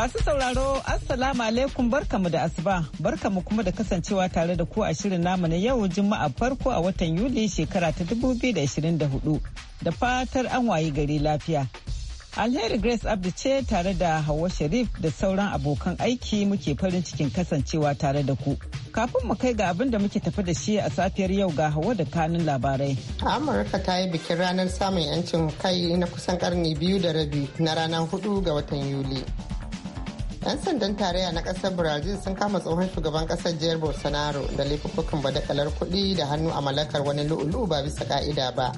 Masu sauraro, Assalamu alaikum barkamu da asuba, barkamu kuma da kasancewa tare da ku a shirin namu na yau Juma'a farko a watan Yuli shekara ta 2024 da fatar an wayi gari lafiya. Alheri Grace Abdi ce tare da Hauwa Sharif da sauran abokan aiki muke farin cikin kasancewa tare da ku. Kafin mu kai ga abin da muke tafi da shi a safiyar yau ga Hauwa da kanun labarai. Amurka ta yi bikin ranar samun 'yancin kai na kusan karni biyu da rabi na ranar hudu ga watan Yuli. 'Yan sandan tarayya na ƙasar Brazil sun kama tsohon shugaban ƙasar jihar Bolsonaro da laifukan badakalar kuɗi da hannu a mallakar wani lu'u-lu'u ba bisa ƙa'ida ba.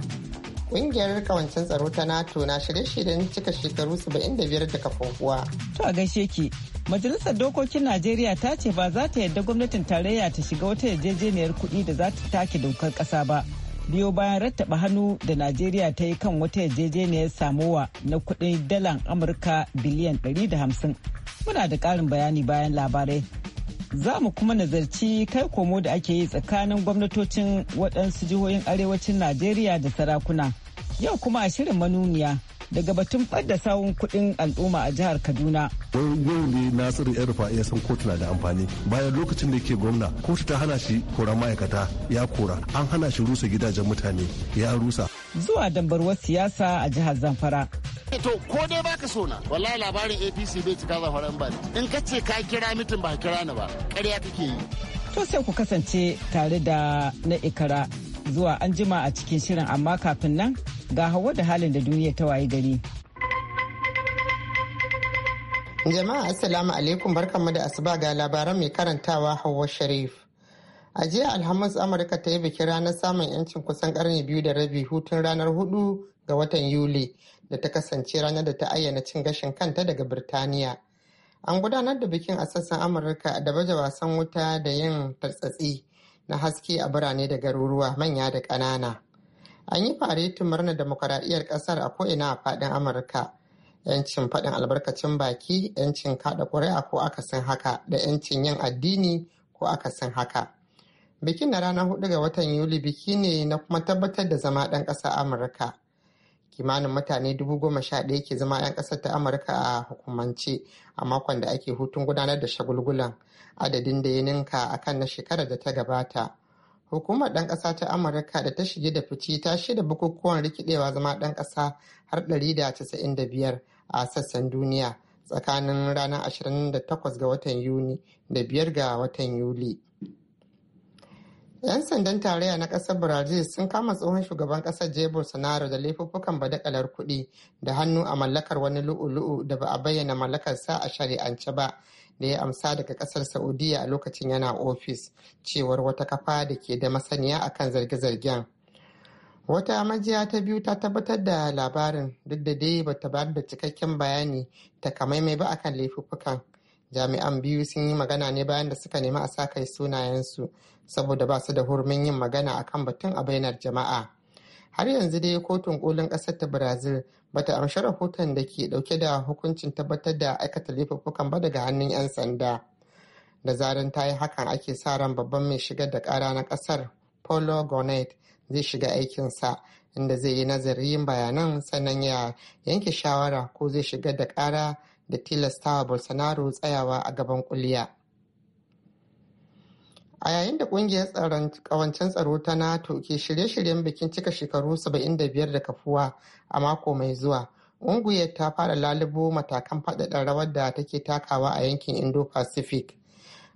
Ƙungiyar kawancin tsaro ta NATO na shirye-shiryen cika shekaru 75 da kafofuwa. To a gaishe ki, Majalisar Dokokin Najeriya ta ce ba za ta yarda gwamnatin tarayya ta shiga wata yarjejeniyar kuɗi da za ta take dokar ƙasa ba. biyo bayan rattaba hannu da najeriya ta yi kan wata yarjejeniyar samowa na kudin dalan amurka biliyan 150 Muna da ƙarin bayani bayan labarai. Za mu kuma nazarci kai komo da ake yi tsakanin gwamnatocin waɗansu jihohin arewacin Najeriya da sarakuna. Yau kuma a shirin manuniya daga batun fadda sawun kuɗin al'umma a jihar Kaduna. Yau ne Nasiru ya rufa iya san kotu na da amfani. Bayan lokacin da yake gwamna, kotu ta hana shi koran ma'aikata ya kora, an hana shi rusa gidajen mutane ya rusa. Zuwa dambarwar siyasa a jihar Zamfara. Eh, to ko dai baka so na wallahi labarin apc bai cika zafaran ba in ka ce ka kira mitin ba kira ni ba ƙarya kake yi to sai ku kasance tare da na ikara zuwa an jima a cikin shirin amma kafin nan ga hawa da halin da duniya ta waye gari jama'a assalamu alaikum barkanmu da asuba ga labaran mai karantawa hawa sharif A jiya Alhamis Amurka ta yi bikin ranar samun 'yancin kusan karni biyu da rabi hutun ranar hudu ga watan Yuli da ta kasance ranar da ta ayyana cin gashin kanta daga Birtaniya. An gudanar da bikin a sassan Amurka da baje wasan wuta da yin tartsatsi na haske a birane da garuruwa manya da ƙanana. An yi faretin murnar demokaradiyyar ƙasar a ko'ina a faɗin Amurka. 'Yancin faɗin albarkacin baki, 'yancin kaɗa ƙuri'a ko akasin haka da 'yancin yin addini ko akasin haka. bikin na ranar hudu ga watan yuli biki ne na kuma tabbatar da zama ɗan ƙasa amurka kimanin mutane dubu goma sha ɗaya ke zama 'yan ƙasar ta amurka a hukumance a makon da ake hutun gudanar da shagulgulan adadin da ya ninka a kan na shekarar da ta gabata hukumar ɗan ƙasa ta amurka da ta shige da fice ta shida bukukuwan rikidewa zama ɗan ƙasa har ɗari da casa'in da biyar a sassan duniya tsakanin ranar 28 ga watan yuni da 5 ga watan yuli. 'Yan sandan tarayya na ƙasar Brazil sun kama tsohon shugaban ƙasar Jair Bolsonaro da laifuffukan badakalar kuɗi da hannu a mallakar wani lu'u-lu'u da ba a bayyana mallakarsa a shari'ance ba da ya amsa daga ƙasar Saudiya a lokacin yana ofis cewar wata kafa da ke da masaniya akan zarge-zargen. Wata majiya ta biyu ta tabbatar da labarin duk da dai bata bayar da cikakken bayani ta takamaimai ba akan laifuffukan. jami'an biyu sun yi magana ne bayan da suka nemi a sa kai sunayensu saboda ba su da hurumin yin magana a kan batun a bainar jama'a har yanzu dai kotun kolin kasar ta brazil bata amshi rahoton da ke dauke da hukuncin tabbatar da aikata laifukan ba daga hannun 'yan sanda da zaran ta yi hakan ake sa ran babban mai shigar da kara na kasar paulo gonet zai shiga aikinsa inda zai yi nazarin bayanan sannan ya yanke shawara ko zai shigar da kara da tilastawa bolsonaro tsayawa a gaban kuliya a yayin da kungiyar tsaron kawancen tsaro ta nato ke shirye-shiryen bikin cika shekaru 75 da kafuwa a mako mai zuwa ƙungiyar ta fara lalubo matakan faɗaɗa rawar da take takawa a yankin indo-pacific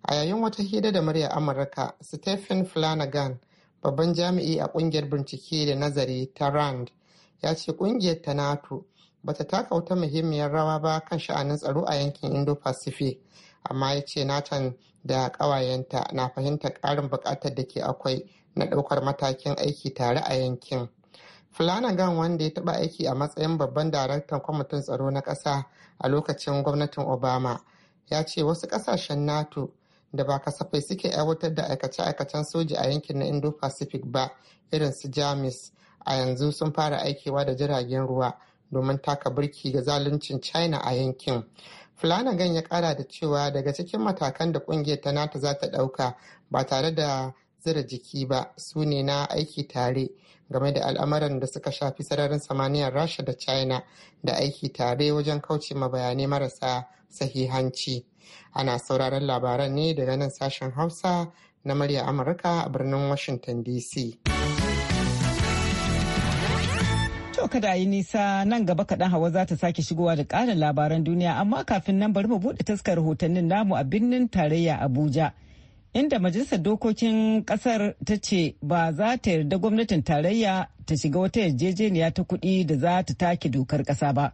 a yayin wata hira da murya amurka stephen flanagan babban jami'i a kungiyar bincike da nazari ta rand ya ce kungiyar ta nato bata taka wata muhimmiyar rawa ba kan sha'anin tsaro a yankin indo-pacific amma ya ce natan da kawayenta na fahimtar ƙarin bukatar da ke akwai na ɗaukar matakin aiki tare a yankin Flanagan wanda ya taba aiki a matsayin babban daraktan kwamitin tsaro na ƙasa a lokacin gwamnatin Obama ya ce wasu ƙasashen NATO da ba kasafai suke aiwatar da aikace-aikacen soji a yankin na Indo-Pacific ba irin su Jamus a yanzu sun fara aikewa da jiragen ruwa domin taka birki ga zaluncin china a yankin flanagan ya kara da cewa daga cikin matakan da kungiyar ta nata za ta dauka ba tare da zira jiki ba su ne na aiki tare game da al'amuran da suka shafi sararin samaniyar rasha da china da aiki tare wajen kauce ma bayanai marasa sahihanci ana sauraron labaran ne daga nan sashen hausa na murya amurka a birnin washington dc To kada yi nisa nan gaba kaɗan hawa za ta sake shigowa da ƙarin labaran duniya amma kafin nan bari mu buɗe taskar rahotannin namu a birnin tarayya Abuja. Inda majalisar dokokin ƙasar ta ce ba za ta yarda gwamnatin tarayya ta shiga wata yarjejeniya ta kuɗi da za ta take dokar ƙasa ba.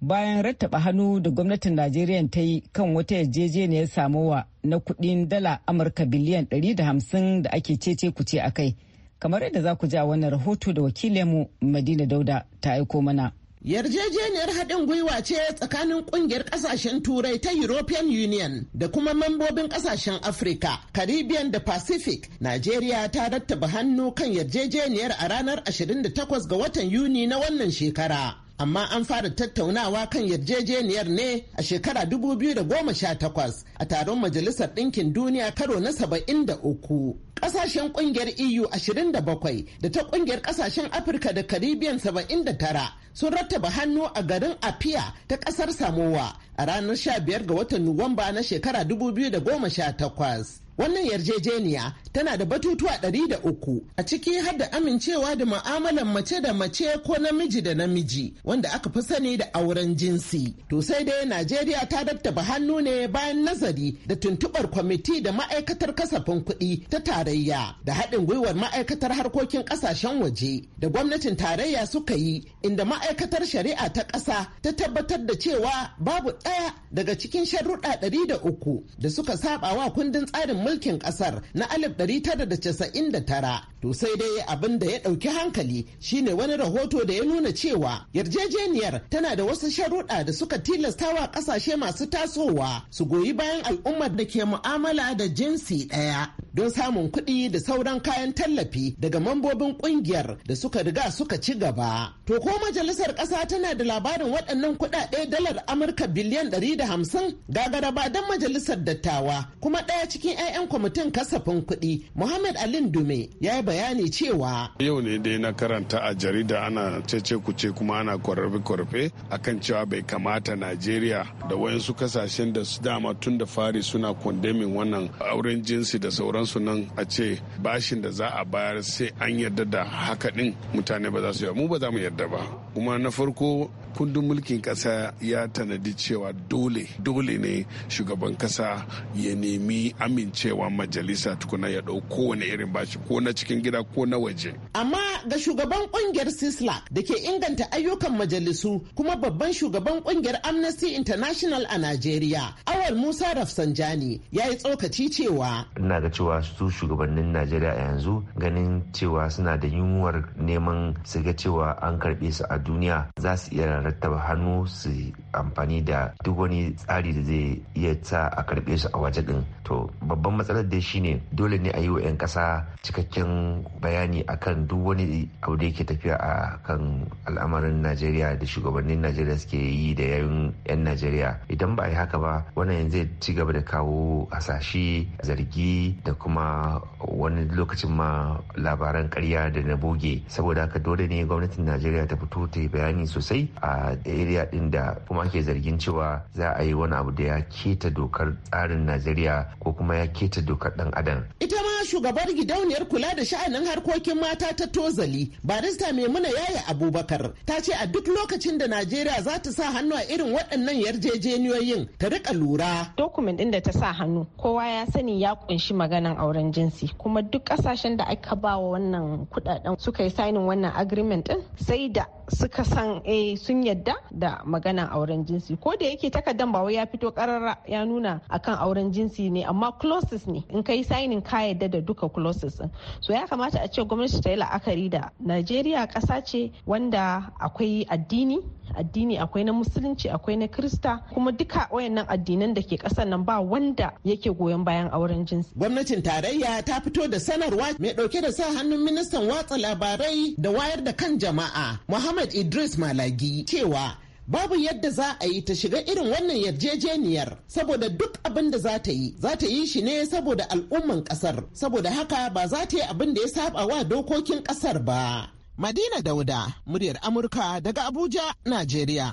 Bayan rattaba hannu da gwamnatin Najeriya ta yi kan wata yarjejeniyar samowa na kuɗin dala Amurka biliyan 150 da ake cece kuce a kai. kamar yadda za ku ji a wannan rahoto da wakilinmu madina dauda ta aiko mana Yarjejeniyar haɗin gwiwa ce tsakanin ƙungiyar ƙasashen Turai ta European Union da kuma mambobin ƙasashen Afirka, Caribbean da Pacific. Najeriya ta rattaba hannu kan yarjejeniyar a ranar 28 ga watan Yuni na wannan shekara. amma an fara tattaunawa kan yarjejeniyar ne a shekara 2018 a taron majalisar ɗinkin duniya karo na 73 ƙasashen ƙungiyar eu 27 da ta ƙungiyar ƙasashen afirka da caribbean 79 sun rattaba hannu a garin apia ta ƙasar samowa a ranar 15 ga watan nuwamba na shekara 2018 Wannan yarjejeniya tana da batutuwa ɗari da uku a ciki har da amincewa da ma'amalan mace da mace ko namiji da namiji wanda aka fi sani da auren jinsi. To sai dai Najeriya ta dattaba hannu ne bayan nazari da tuntuɓar kwamiti da ma'aikatar kasafin kuɗi ta tarayya da haɗin gwiwar ma'aikatar harkokin ƙasashen waje da gwamnatin tarayya suka yi inda ma'aikatar shari'a ta ƙasa ta tabbatar da cewa babu ɗaya daga cikin sharruɗa ɗari da uku da suka saɓa wa kundin tsarin mulkin kasar na 1999 to sai dai abin da ya ɗauki hankali shine wani rahoto da ya nuna cewa yarjejeniyar tana da wasu sharuɗa da suka tilasta wa kasashe masu tasowa su goyi bayan al'ummar da ke mu'amala da jinsi ɗaya don samun kuɗi da sauran kayan tallafi daga mambobin ƙungiyar da suka riga suka ci gaba. To ko majalisar ƙasa tana da labarin waɗannan kuɗaɗe dalar Amurka biliyan da hamsin gagara garaba don majalisar dattawa kuma ɗaya cikin 'ya'yan kwamitin kasafin kuɗi Muhammad Alin Dume ya yi bayani cewa. Yau ne dai na karanta a jarida ana cece kuce kuma ana kwarfe a kan cewa bai kamata Najeriya da wayansu kasashen da su dama tun da fari suna kondemin wannan auren jinsi da sauran su nan a ce bashin da za a bayar sai an yarda da haka din mutane ba za su yi mu ba za mu yarda ba kuma na farko kundin mulkin kasa ya tanadi cewa dole dole ne shugaban kasa ya nemi amincewa majalisa tukuna ya ɗau kowane irin bashi ko na cikin gida ko na waje amma ga shugaban kungiyar sisla da ke inganta ayyukan majalisu kuma babban shugaban kungiyar amnesty international a najeriya awal musa rafsanjani ya yi tsokaci cewa ina ga cewa su shugabannin najeriya a yanzu ganin cewa suna da yunwar neman su ga cewa an karɓe su a duniya za su iya rarraba hannu su amfani da duk wani tsari da zai iya sa a karɓe su a waje din to babban matsalar dai shine dole ne a yi wa 'yan ƙasa cikakken bayani akan duk wani abu da yake tafiya a kan al'amarin najeriya da shugabannin najeriya suke yi da yayin 'yan najeriya idan ba a yi haka ba wannan zai ci gaba da kawo hasashe zargi da kuma wani lokacin ma labaran karya da na boge saboda haka dole ne gwamnatin najeriya ta fito ta yi bayani sosai a area din da kuma ake zargin cewa za a yi wani abu da ya keta dokar tsarin najeriya ko kuma ya keta dokar dan adam ita ma shugabar gidauniyar kula da sha'anin harkokin mata ta tozali barista maimuna yaya abubakar ta ce a duk lokacin da najeriya za ta sa hannu a irin waɗannan yarjejeniyoyin ta rika lura dokumen ɗin da ta sa hannu kowa ya sani ya kunshi maganan auren jinsi kuma duk kasashen da aka ba wa wannan kudaden suka yi sainin wannan agreement din sai da suka san eh sun yadda da magana auren jinsi ko da yake takardan ba wai ya fito karara ya nuna akan auren jinsi ne amma clauses ne in kai signing ka yadda da duka clauses din so ya kamata a ce gwamnati ta yi la'akari da Najeriya ƙasa ce wanda akwai addini addini akwai na musulunci akwai na krista kuma duka wayannan addinan da ke kasar nan ba wanda yake goyon bayan auren jinsi gwamnatin tarayya ta fito da sanarwa mai dauke da sa hannun ministan watsa labarai da wayar da kan jama'a Muhammad Muhammad Idris Malagi cewa babu yadda za a yi ta shiga irin wannan yarjejeniyar saboda duk abin da za ta yi za ta yi shi ne saboda al'umman kasar saboda haka ba za ta yi abin da ya saba wa dokokin kasar ba madina dauda muryar amurka daga abuja najeriya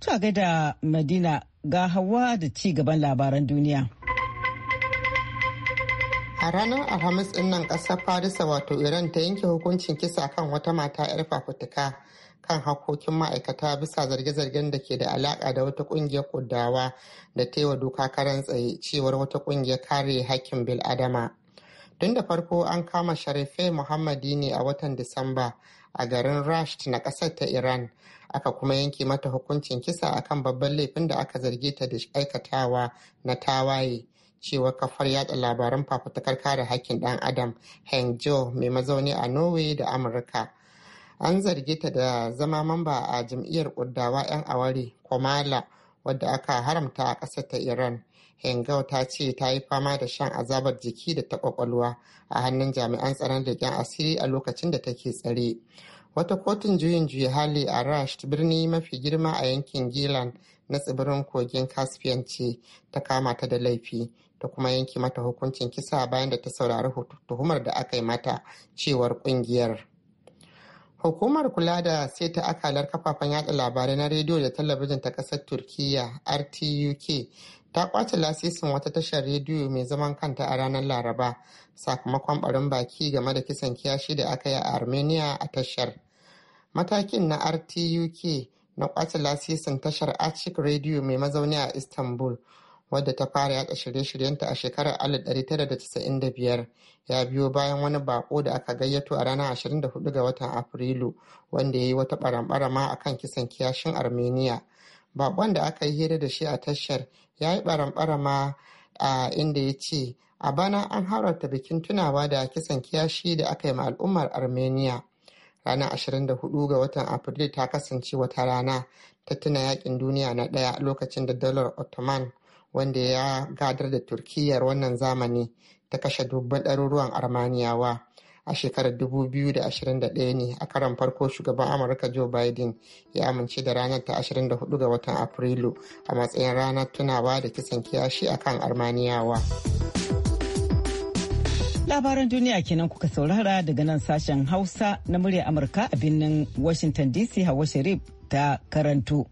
to gaida madina ga hawa da ci gaban labaran duniya a ranar alhamis ɗin nan ƙasar farisa wato iran ta yanke hukuncin kisa kan wata mata 'yar fafutuka kan hakkokin ma'aikata bisa zarge-zargen da ke da alaƙa da wata ƙungiyar kuddawa da ta yi wa doka karan tsaye cewar wata ƙungiyar kare hakkin bil'adama. Tun da farko an kama Sharifai Muhammadi ne a watan Disamba a garin Rasht na ƙasar ta Iran, aka kuma yanke mata hukuncin kisa akan babban laifin da aka zarge ta da aikatawa na tawaye. cewa kafar yada labaran fafutukar kare hakkin dan adam hangeul mai mazauni a norway da amurka An zarge ta da zama mamba a jam'iyyar ƙuddawa 'yan aware Komala wadda aka haramta a ƙasar ta Iran. Hengau ta ce ta yi fama da shan azabar jiki da ta kwakwalwa a hannun jami'an tsaron leƙen asiri a lokacin da take tsare. Wata kotun juyin juya hali a Rash birni mafi girma a yankin Gilan na tsibirin kogin Caspian ce ta kama ta da laifi ta kuma yanke mata hukuncin kisa bayan da ta saurari tuhumar da aka yi mata cewar kungiyar. Hukumar kula da seta akalar kafafen yada labarai na rediyo da talabijin ta kasar Turkiyya RTUK ta kwace lasisin wata tashar rediyo mai zaman kanta a ranar Laraba sakamakon barin baki game da kisan kiyashi da aka yi a Armenia a tashar. Matakin na RTUK na kwace lasisin tashar Arctic Radio mai mazauni a Istanbul wadda ta fara yada shirye-shiryenta a shekarar 1995 ya biyo bayan wani bako da aka gayyato a ranar 24 ga watan afrilu wanda ya yi wata barambarama a kan kisan kiyashin armenia bakon da aka yi hira da shi a tashar ya yi barambarama a inda ya ce a bana an haurarta bikin tunawa da kisan kiyashi da aka yi ma al'ummar armenia ranar 24 ga watan afrilu ta kasance wata rana ta tuna yakin duniya na ɗaya lokacin da dalar ottoman wanda ya gadar da turkiyyar wannan zamani ta kashe dubban ɗaruruwan armaniyawa a shekarar 2021 ne a karan farko shugaban amurka joe biden ya amince da ranar ta 24 ga watan afrilu a matsayin ranar tunawa da kisan kiyashi a kan armaniyawa labaran duniya kenan kuka saurara daga nan sashen hausa na murya amurka a birnin washington dc hawa sharif ta karanto.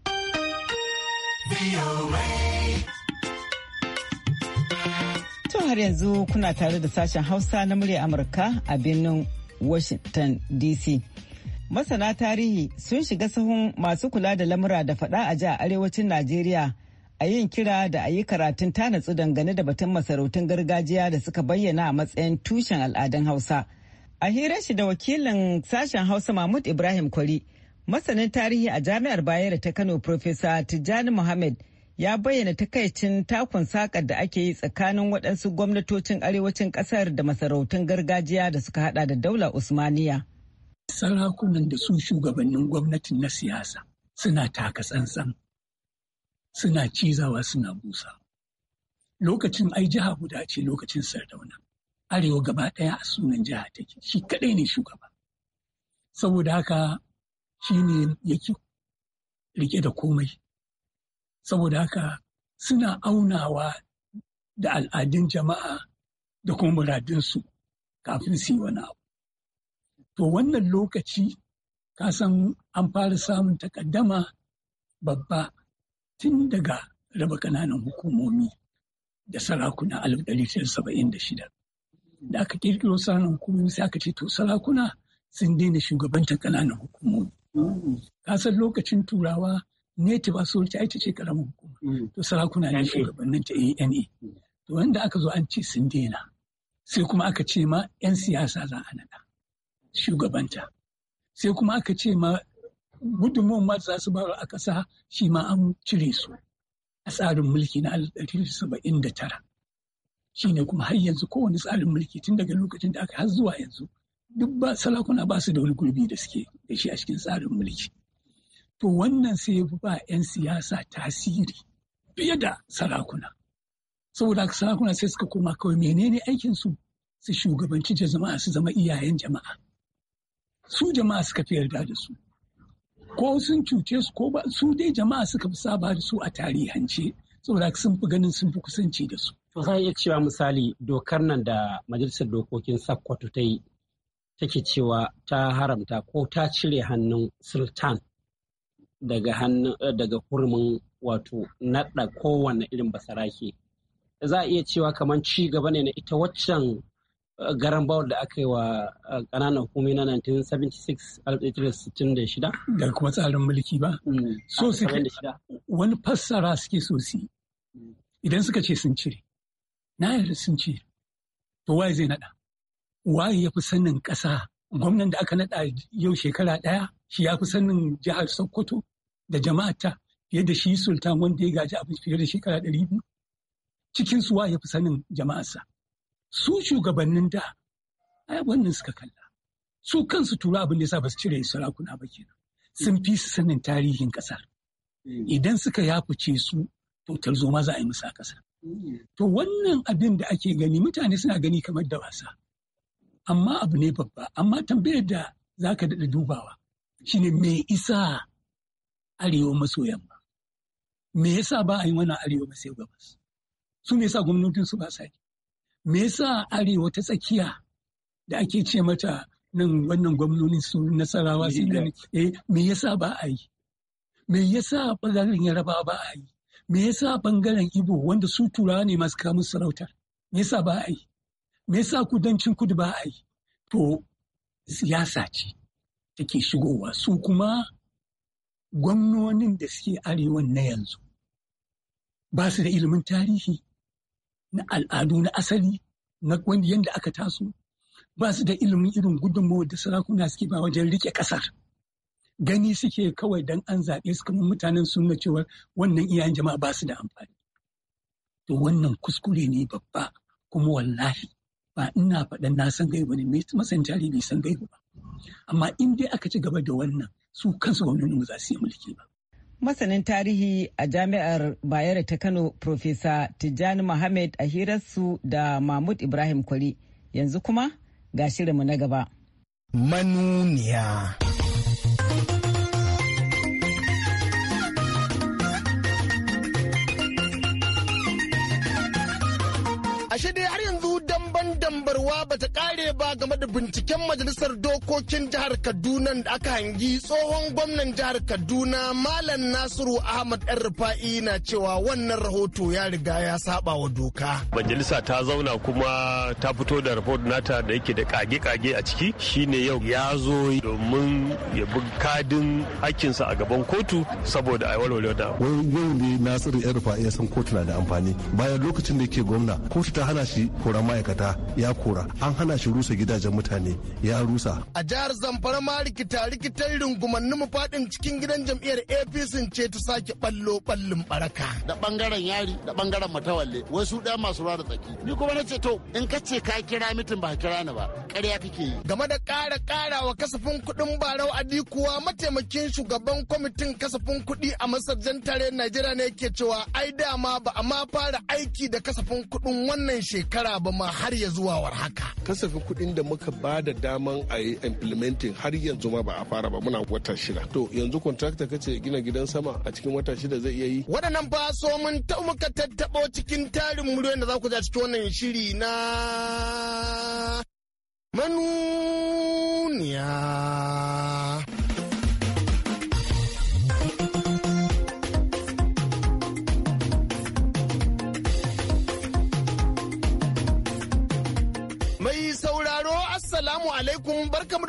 har yanzu kuna tare da sashen Hausa na murya Amurka a birnin Washington DC. Masana tarihi sun shiga sahun masu kula da lamura da fada a a arewacin Najeriya a yin kira da a yi karatun tanatsu dangane da batun masarautun gargajiya da suka bayyana a matsayin tushen al'adun Hausa. A hirar shi da wakilin sashen Hausa Mahmud Ibrahim Kwari, masanin tarihi a Jami'ar Bayero ta Kano Profesa Tijjani Muhammad ya bayyana takaicin takun sakar da ake yi tsakanin waɗansu gwamnatocin arewacin ƙasar da masarautun gargajiya da suka hada da daula usmaniya sarakunan da su shugabannin gwamnatin na siyasa suna taka tsantsan suna cizawa suna busa lokacin ai jiha guda ce lokacin sardauna arewa gaba ɗaya a sunan jiha take shi kaɗai ne shugaba saboda haka shi ne yake rike da komai saboda haka suna aunawa da al'adun jama'a da kuma muradinsu kafin su yi wani abu to wannan lokaci ka san an fara samun takaddama babba tun daga raba ƙananan hukumomi da sarakuna 1976 da aka kirkiro sarakunan hukumomi sai aka ce to sarakuna sun daina shugabantar ƙananan hukumomi. Ka san lokacin turawa native authority ita ce karamin hukuma mm. to sarakuna ne shugabannin ta ANA to wanda aka zo an ce sun daina sai kuma aka ce ma 'yan siyasa za a naɗa shugabanta sai kuma aka ce ma gudunmuwan ma za su baro a ƙasa shi ma an cire su a tsarin mulki na 1979 shi ne kuma har yanzu kowane tsarin mulki tun daga lokacin da aka har zuwa yanzu duk ba salakuna ba su da wani gurbi da suke da shi a cikin tsarin mulki to wannan sai ya fi ba 'yan siyasa tasiri fiye da sarakuna saboda sarakuna sai suka koma kawai menene aikinsu su shugabanci jama'a su zama iyayen jama'a su jama'a suka fi yarda da su ko sun cuce su ko ba su dai jama'a suka fi saba da su a tarihance saboda sun fi ganin sun fi kusanci da su. To zan iya cewa misali dokar nan da majalisar dokokin Sakkwato ta yi take cewa ta haramta ko ta cire hannun sultan daga hannun eh, daga kurmin wato naɗa kowane irin basarake za a iya cewa kamar ci gaba ne na ita waccan eh, garan bawar da aka yi wa eh, ƙananan hukumi na 1976 da kuma tsarin mulki ba mm, so wani fassara suke so su mm. idan suka ce sun cire na yarda sun cire to waye zai naɗa waye ya fi sanin ƙasa gwamnan da aka naɗa yau shekara ɗaya shi ya fi sanin jihar sokoto da jama'ata fiye da shi sultan wanda ya gaji abin fiye da shekara ɗari biyu cikin suwa ya fi sanin jama'arsa su shugabannin da ai wannan suka kalla su kansu tura abin da yasa ba su cire sarakuna ba kenan sun fi su sanin tarihin ƙasar. idan suka yafuce su to tarzoma za a yi musu a kasar to wannan abin da ake gani mutane suna gani kamar da wasa amma abu ne babba amma tambayar da zaka daɗa dubawa shine me isa arewa maso yamma me yasa ba a yi mana arewa maso gabas su me yasa gwamnatin su ba sa yi me yasa arewa ta tsakiya da ake ce mata nan wannan gwamnonin su nasarawa su ne eh me yasa ba a yi me yasa bangaren yaraba ba a yi me yasa bangaren ibo wanda su turawa ne masu kamun sarautar me yasa ba a yi me yasa kudancin kudu ba a yi to siyasa ce take shigowa su kuma gwamnonin da suke arewan na yanzu ba su da ilimin tarihi na al'adu na asali na wanda yadda aka taso ba su da ilimin irin gudunmawar da sarakuna suke ba wajen rike kasar gani suke kawai dan an zaɓe su kamar mutanen suna cewar wannan iyayen jama'a ba su da amfani to wannan kuskure ne babba kuma wallahi ba ina faɗan na san gaiba ne masan tarihi bai san gaiba ba amma in dai aka ci gaba da wannan su kansu ba ba za su yi mulki ba. Masanin tarihi a jami'ar Bayero ta Kano Profesa Tijjani Mohammed a hirarsu da Mahmud Ibrahim Kwari yanzu kuma ga shirinmu na gaba. Manuniya. ashe dambarwa ba ta kare ba game da binciken majalisar dokokin jihar kaduna da aka hangi tsohon gwamnan jihar kaduna malam nasiru ahmad yan rufa'i na cewa wannan rahoto ya riga ya saba wa doka majalisa ta zauna kuma ta fito da rahoton nata da yake da kage-kage a ciki shine yau ya zo domin ya bi kadin hakkinsa a gaban kotu saboda a walwale da yau ne nasiru yan rufa'i ya san kotu na da amfani bayan lokacin da yake gwamna kotu ta hana shi horon ma'aikata ya kora an hana shi rusa gidajen mutane ya rusa a jihar zamfara ma rikita rikitar rungumannin mu fadin cikin gidan jam'iyyar apc ce ta sake ballo ballin baraka da bangaren yari da bangaren matawalle wasu ɗaya masu ruwa da tsaki ni kuma na ce to in ka ce ka kira mitin ba kira ni ba ƙarya kake yi game da ƙara ƙara wa kasafin kuɗin barau adi kuwa mataimakin shugaban kwamitin kasafin kuɗi a masarjan tare najeriya ne ke cewa ai dama ba a ma fara aiki da kasafin kuɗin wannan shekara ba ma har ya zuwa zuwa haka. kasafi kuɗin da muka ba da daman a yi implementing har yanzu ma ba a fara ba muna wata shida to yanzu contractor kace gina gidan sama a cikin wata shida zai iya yi waɗannan ba so mun ta muka tattaɓo cikin tarin muryoyin da za ku ja cikin wannan shiri na manuniya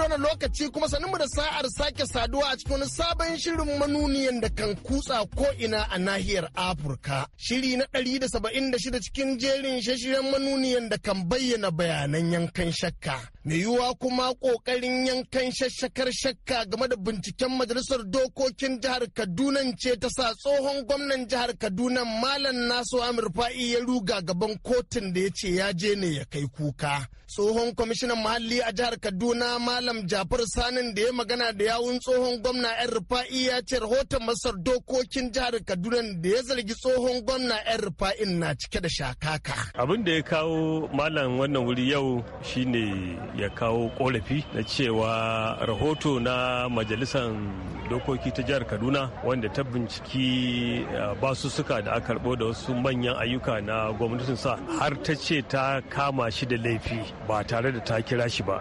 lokaci kuma sanin mu da sa'ar sake saduwa a cikin wani sabon shirin manuniyan da kan kutsa ko ina a nahiyar Afirka. Shiri na ɗari da saba'in da shida cikin jerin shashiren manuniyan da kan bayyana bayanan yankan shakka. Mai yiwuwa kuma ƙoƙarin yankan shashakar shakka game da binciken majalisar dokokin jihar Kaduna ce ta sa tsohon gwamnan jihar Kaduna Malam Nasu Amir Fa'i ya ruga gaban kotun da ya ce ya je ne ya kai kuka. Tsohon kwamishinan muhalli a jihar Kaduna Malam malam jafar sanin da ya magana da yawun tsohon gwamna yan rufa'i ya ce rahoton masar dokokin jihar kaduna da ya zargi tsohon gwamna yan rufa'in na cike da shakaka abin da ya kawo malam wannan wuri yau shine ya kawo korafi na cewa rahoto na majalisar dokoki ta jihar kaduna wanda ta binciki eh, suka da aka karbo da wasu manyan ayyuka na gwamnatin sa har ta ce ta kama shi da laifi ba tare da ta kira shi ba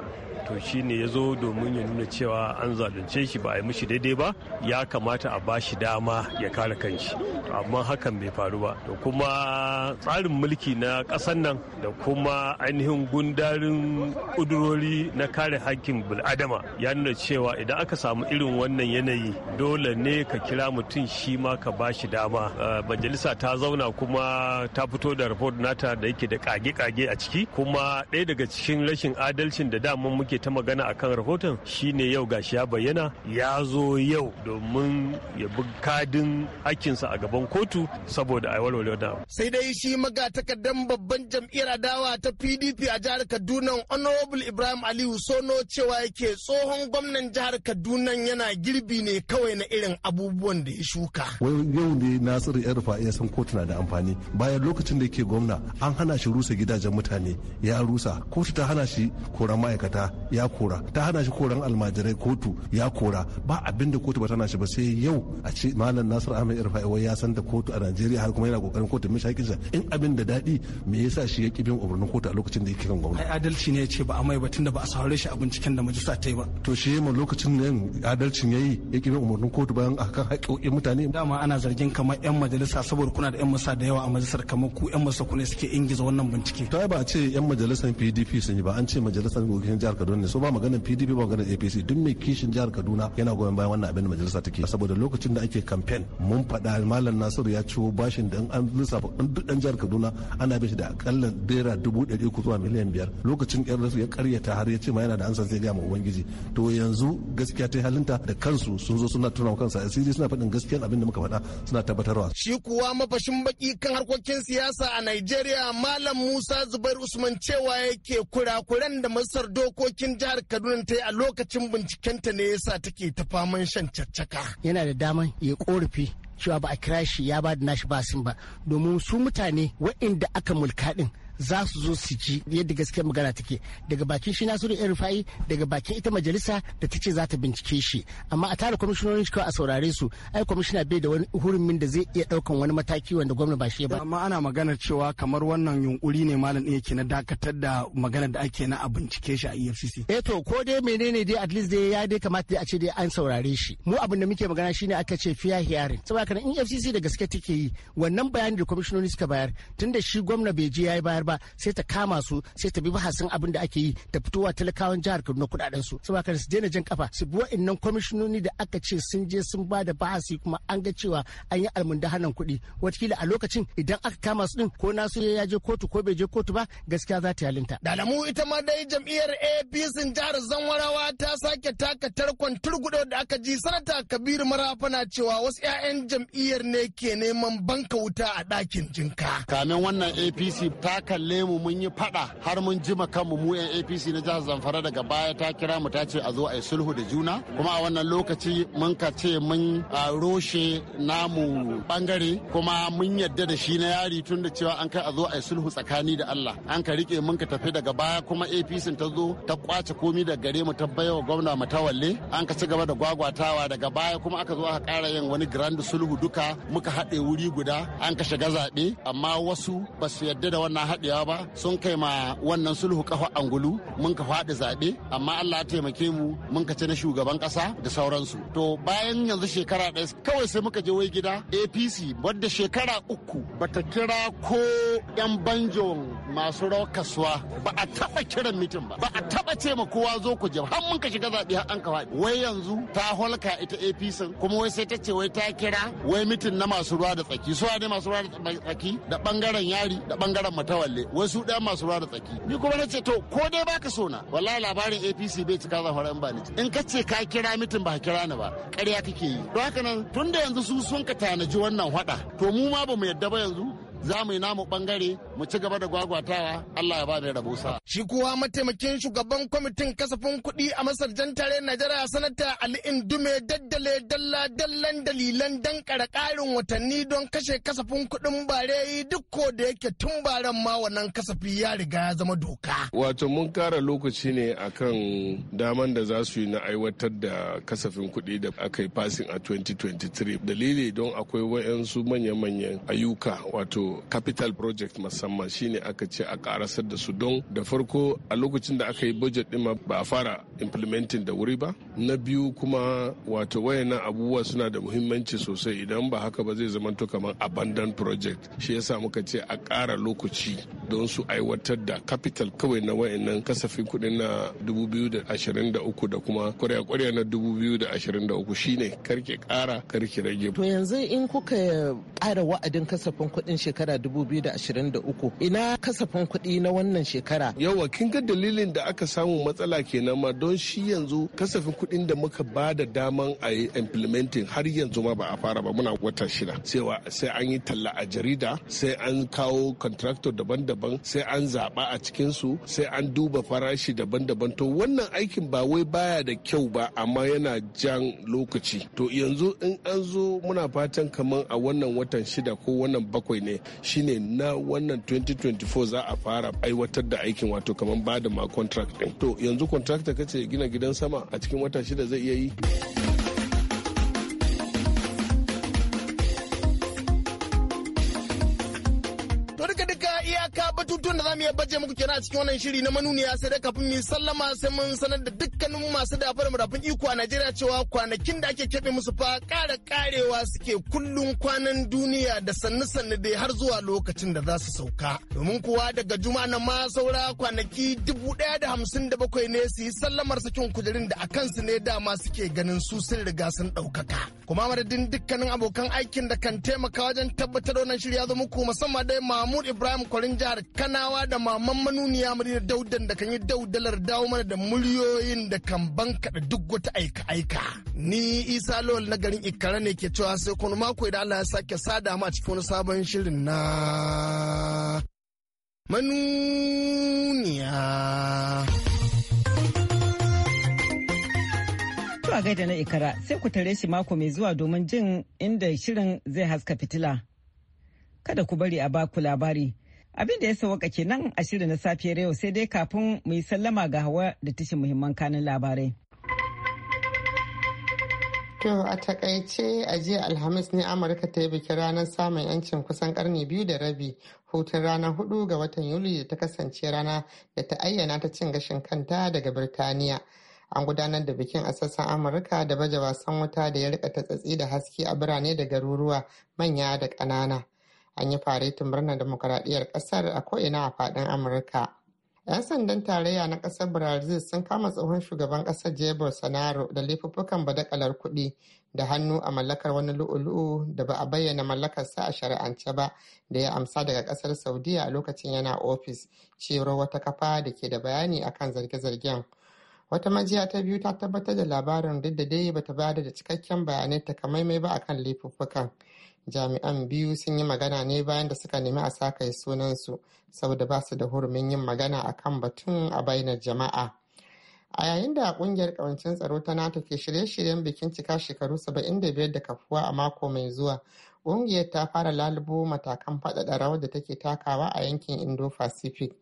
to shine ya zo domin ya nuna cewa an zalunce shi ba a yi mishi daidai ba ya kamata a ba shi dama ya kare kanshi amma hakan bai faru ba da kuma tsarin mulki na kasan nan da kuma ainihin gundarin ƙudurori na kare hakkin bil'adama ya nuna cewa idan aka samu irin wannan yanayi dole ne ka kira mutum shi ma ka ba shi dama eh, majalisa ta zauna kuma ta fito da rahoton nata da yake da kage-kage a ciki kuma ɗaya daga cikin rashin adalcin da dama muke ta magana a kan rahoton shine yau gashi ya bayyana ya zo yau domin ya bi kadin hakinsa a gaban kotu saboda a walwale da sai dai shi magatakardan babban jam'iyyar adawa ta pdp a jihar kaduna honorable ibrahim aliyu sono cewa yake tsohon gwamnan jihar kaduna yana girbi ne kawai na irin abubuwan da ya shuka wai yau ne nasiru yan rufa ya san kotu na da amfani bayan lokacin da yake gwamna an hana shi rusa gidajen mutane ya rusa kotu ta hana shi koran ma'aikata ya kora ta hana shi koran almajirai kotu ya kora ba abin da kotu ba tana shi ba sai yau a ce malam nasir ahmed irfa'i wai ya san da kotu a najeriya har kuma yana kokarin kotu mai sa in abin da daɗi me yasa shi ya ki bin umarnin kotu a lokacin da yake kan gwamnati adalci ne ya ce ba a mai ba tunda ba a saurare shi a binciken da majalisa ta yi ba to shi ma lokacin ne adalcin yayi ya ki bin umarnin kotu bayan kan haƙƙoƙin mutane dama ana zargin kamar yan majalisa saboda kuna da yan masa da yawa a majalisar kamar ku yan masa ku ne suke ingiza wannan bincike to ba a ce yan majalisar PDP sun yi ba an ce majalisar gogin jihar Kaduna Kaduna ne so ba maganar PDP ba maganar APC duk mai kishin jihar Kaduna yana goyon bayan wannan abin da majalisa take saboda lokacin da ake campaign mun faɗa Malam Nasiru ya ciwo bashin da an lissafa duk dan jihar Kaduna ana bin shi da akalla naira dubu ɗari uku zuwa miliyan biyar lokacin ƴan rasu ya karyata har ya ce ma yana da ansa zai gaya ma ubangiji to yanzu gaskiya ta halinta da kansu sun zo suna tuna kansu asiri suna faɗin gaskiyar abin da muka faɗa suna tabbatarwa shi kuwa mafashin baki kan harkokin siyasa a nigeria Malam Musa Zubair Usman cewa yake kurakuran da masar dokoki bikin jihar kaduna ta yi a lokacin bincikenta ne yasa take ta faman shan caccaka yana da daman ya korafi cewa ba a kira shi ya ba da nashi basin ba domin su mutane wa'inda aka mulka din za su zo su ji yadda gaskiyar magana take daga bakin shi nasiru yan rufa'i daga bakin ita majalisa da ta ce za ta bincike shi amma a tara kwamishinonin shi a saurare su ai kwamishina bai da wani hurumin da zai iya daukan wani mataki wanda gwamna ba shi ba amma ana maganar cewa kamar wannan yunkuri ne malam ɗin yake na dakatar da magana da ake na a bincike shi a EFCC eh to ko dai menene dai at least dai ya dai kamata dai a ce dai an saurare shi mu abin da muke magana shine aka ce fiya hearing saboda kana in EFCC da gaske take yi wannan bayani da kwamishinoni suka bayar tunda shi gwamna bai je yayi bayar jihar ba sai ta kama su sai ta bi bahasin abin da ake yi ta fitowa talakawan jihar Kaduna kudaden su saboda kada su daina jan kafa su bi wa'annan kwamishinoni da aka ce sun je sun ba da bahasi kuma an ga cewa an yi hannun kuɗi watakila a lokacin idan aka kama su din ko nasu ya je kotu ko bai je kotu ba gaskiya za ta yalinta. dalamu ita ma dai jam'iyyar APC jihar zamwarawa ta sake taka tarkon turgudo da aka ji sanata Kabiru marafana cewa wasu 'ya'yan jam'iyyar ne ke neman banka wuta a ɗakin jinka. Kamin wannan APC ta kalle mu mun yi fada har mun jima kanmu mu yan apc na jihar zamfara daga baya ta kira mu ta ce a zo a yi sulhu da juna kuma a wannan lokaci mun ka ce mun roshe namu bangare kuma mun yadda da shi na yari tun da cewa an kai a zo a yi sulhu tsakani da allah an ka rike mun ka tafi daga baya kuma apc ta zo ta kwace komi da gare mu ta wa gwamna mu ta walle an ka ci gaba da gwagwatawa daga baya kuma aka zo aka kara yin wani grand sulhu duka muka haɗe wuri guda an ka shiga zaɓe amma wasu ba su yadda da wannan faɗiya ba sun kai ma wannan sulhu kafa angulu mun ka faɗi zaɓe amma Allah ya taimake mu mun ka ci na shugaban ƙasa da sauransu to bayan yanzu shekara ɗaya kawai sai muka je wai gida APC wadda shekara uku bata kira ko yan banjo masu rawar kasuwa ba a taɓa kiran mitin ba ba a taɓa ce ma kowa zo ku je har mun ka shiga zaɓe har an ka faɗi wai yanzu ta holka ita APC kuma wai sai ta ce wai ta kira wai mitin na masu ruwa da tsaki suwa ne masu ruwa da tsaki da bangaren yari da bangaren matawali kalle wasu ɗaya masu ruwa da tsaki ni kuma na ce to ko dai baka so na wallahi labarin apc bai cika zafaran ba ni in ka ce ka kira mitin ba kira ni ba ƙarya kake yi don haka nan tun da yanzu su sun ka tanaji wannan hada to mu ma ba mu yadda ba yanzu za mu yi namu bangare mu ci gaba da gwagwatawa Allah ya ba rabo sa. Shi kuwa mataimakin shugaban kwamitin kasafin kuɗi a Masar jan tare Najeriya sanata Ali Indume daddale dalla dallan dalilan dan kara ƙarin watanni don kashe kasafin kuɗin bareyi duk ko da yake tun baran ma wannan kasafi ya riga ya zama doka. Wato mun kara lokaci ne akan daman da za su yi na aiwatar da kasafin kuɗi da aka yi fasin a 2023 dalili don akwai wayansu manya-manyan ayyuka wato capital project musamman shine aka ce a karasar da su don da farko a lokacin da aka yi budget din ba a fara implementing da wuri ba na biyu kuma wato wayannan abubuwa suna da muhimmanci sosai idan ba haka ba zai zama to kamar abandon project shi yasa muka ce a kara lokaci don su aiwatar da capital kawai na wayannan kasafin kuɗi na 2023 da kuma kwarya-kwarya na 2023 shine karke kara karke rage to yanzu in kuka ƙara wa'adin kasafin kudin shekara shekara 2023 ina kasafin kuɗi na wannan shekara yawa kin ga dalilin da aka samu matsala kenan ma don shi yanzu kasafin kuɗin da muka ba da daman a yi implementing har yanzu ma ba a fara ba muna wata shida sai an yi talla a jarida sai an kawo contractor daban-daban sai an zaɓa a cikinsu sai an duba farashi daban-daban to wannan aikin ba wai baya da kyau ba amma yana jan lokaci to yanzu in an zo muna fatan kamar a wannan watan shida ko wannan bakwai ne shine na wannan 2024 za a fara aiwatar da aikin wato kamar ba da ma contract din to yanzu contractor kace gina gidan sama a cikin wata shida zai iya yi muku kenan cikin wannan shiri na manuniya sai dai kafin mu sallama sai mun sanar da dukkanin masu dafa da iko a Najeriya cewa kwanakin da ake keɓe musu fa ƙara karewa suke kullun kwanan duniya da sannu sannu dai har zuwa lokacin da za su sauka. Domin kuwa daga juma na ma saura kwanaki dubu ɗaya da hamsin da bakwai ne su yi sallamar sakin kujerin da a kansu ne dama suke ganin su sun riga sun ɗaukaka. Kuma madadin dukkanin abokan aikin da kan taimaka wajen tabbatar wannan shiri ya zo muku musamman dai Mahmud Ibrahim Kwarin jihar Kanawa da Mama kamar manuniya da daudan da kan yi daudalar dawo mana da muryoyin da kan bankaɗa duk wata aika-aika. Ni Isa Lawal na garin Ikara ne ke cewa sai kuma mako idan Allah ya sake sada ma a cikin wani sabon shirin na manuniya. Zuwa gaida na Ikara sai ku tare shi mako mai zuwa domin jin inda shirin zai haska fitila. Kada ku bari a baku labari. Abin da ya sauka kenan a shirin na safiyar yau sai dai kafin mu yi sallama ga hawa da tashin muhimman kanin labarai. To a takaice a jiya Alhamis ne Amurka ta yi bikin ranar samun 'yancin kusan karni biyu da rabi hutun ranar hudu ga watan Yuli da ta kasance rana da ta ayyana ta cin gashin kanta daga Birtaniya. An gudanar da bikin a sassan Amurka da baje wasan wuta da ya rika ta tsatsi da haske a birane da garuruwa manya da ƙanana. an yi faretin murnar demokaradiyyar ƙasar a ko'ina a faɗin amurka 'yan sandan tarayya na ƙasar brazil sun kama tsohon shugaban ƙasar jair bolsonaro da laifuffukan badakalar kuɗi da hannu a mallakar wani lu'ulu'u da ba a bayyana mallakarsa a shari'ance ba da ya amsa daga ƙasar saudiya a lokacin yana ofis cewar wata kafa da ke da bayani akan zarge-zargen wata majiya ta biyu ta tabbatar da labarin duk da dai bata bada da cikakken bayanai takamaimai ba akan laifuffukan jami'an biyu sun yi magana ne bayan da suka nemi a sa sunansu saboda ba su da hurumin yin magana a kan batun a bainar jama'a a yayin da kungiyar kawancin tsaro ta nato ke shirye-shiryen bikin cika shekaru 75 da kafuwa a mako mai zuwa kungiyar ta fara lalubo matakan faɗaɗa rawar da take takawa a yankin indo-pacific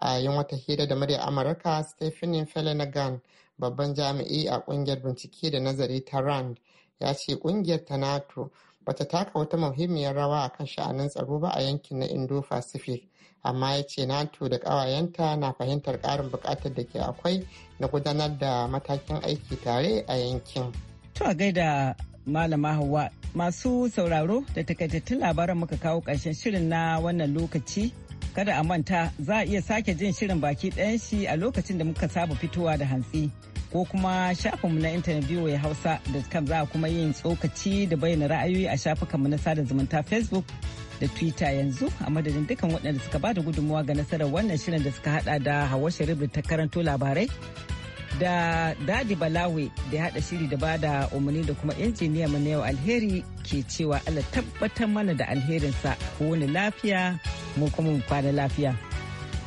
a yayin wata hira da murya amurka stephanie felinagan babban jami'i a kungiyar bincike da nazari ta rand ya ce kungiyar ta nato bata taka wata muhimmiyar rawa akan sha'anin tsaro ba a yankin na indo-pacific amma ya ce nato da ƙawayenta na fahimtar karin bukatar da ke akwai na gudanar da matakin aiki tare a yankin. To a gaida Malama hawa masu sauraro da takaitattun labaran muka kawo ƙarshen shirin na wannan lokaci. Kada a manta za a iya sake jin shirin baki ɗayan shi a lokacin da muka saba fitowa da hantsi. ko kuma shafin mu na intanet voa kan za a kuma yin tsokaci da bayyana ra'ayoyi a shafukanmu na sada zumunta facebook da twitter yanzu a madadin dukkan waɗanda suka bada gudummawa ga nasarar wannan shirin da suka hada da hawa sharif ta karanto labarai da dadi balawe da ya hada shiri da bada umarni da kuma injiniya mu na yau alheri ke cewa allah tabbatar mana da alherinsa ko wani lafiya mu kuma mu kwana lafiya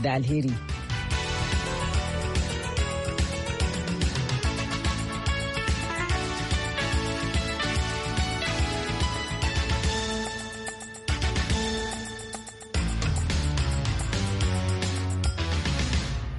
da alheri.